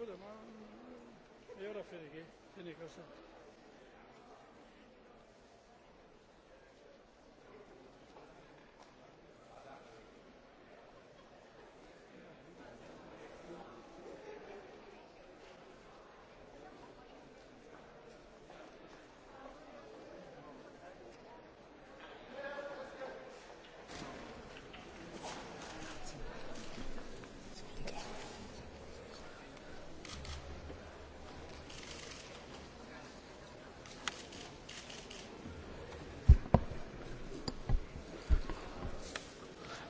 tudom, a... on a én des, des négociations.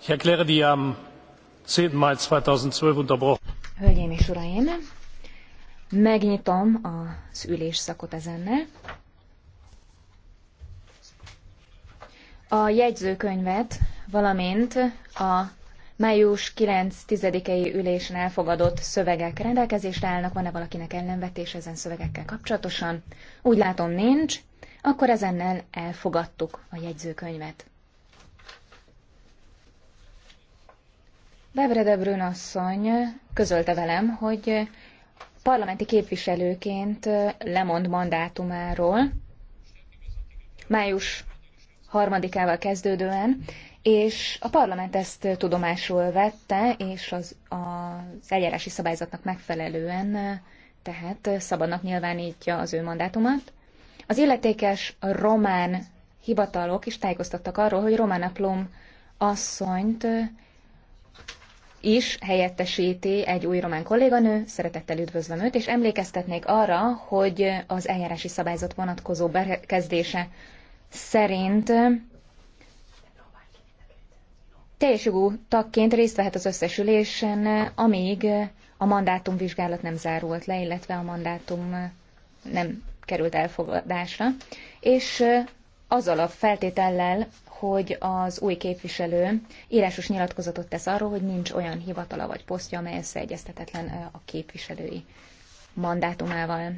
Ich erkläre die am Mai Hölgyeim és uraim, megnyitom az ülésszakot ezennel. A jegyzőkönyvet, valamint a május 9-10-i ülésen elfogadott szövegek rendelkezésre állnak, van-e valakinek ellenvetés ezen szövegekkel kapcsolatosan? Úgy látom nincs, akkor ezennel elfogadtuk a jegyzőkönyvet. Bevre de Brün asszony közölte velem, hogy parlamenti képviselőként lemond mandátumáról május harmadikával kezdődően, és a parlament ezt tudomásul vette, és az, az eljárási szabályzatnak megfelelően tehát szabadnak nyilvánítja az ő mandátumát. Az illetékes román hivatalok is tájékoztattak arról, hogy román naplom asszonyt is helyettesíti egy új román kolléganő, szeretettel üdvözlöm őt, és emlékeztetnék arra, hogy az eljárási szabályzat vonatkozó bekezdése szerint teljes jogú tagként részt vehet az összesülésen, amíg a mandátum vizsgálat nem zárult le, illetve a mandátum nem került elfogadásra, és azzal a feltétellel, hogy az új képviselő írásos nyilatkozatot tesz arról, hogy nincs olyan hivatala vagy posztja, amely összeegyeztetetlen a képviselői mandátumával.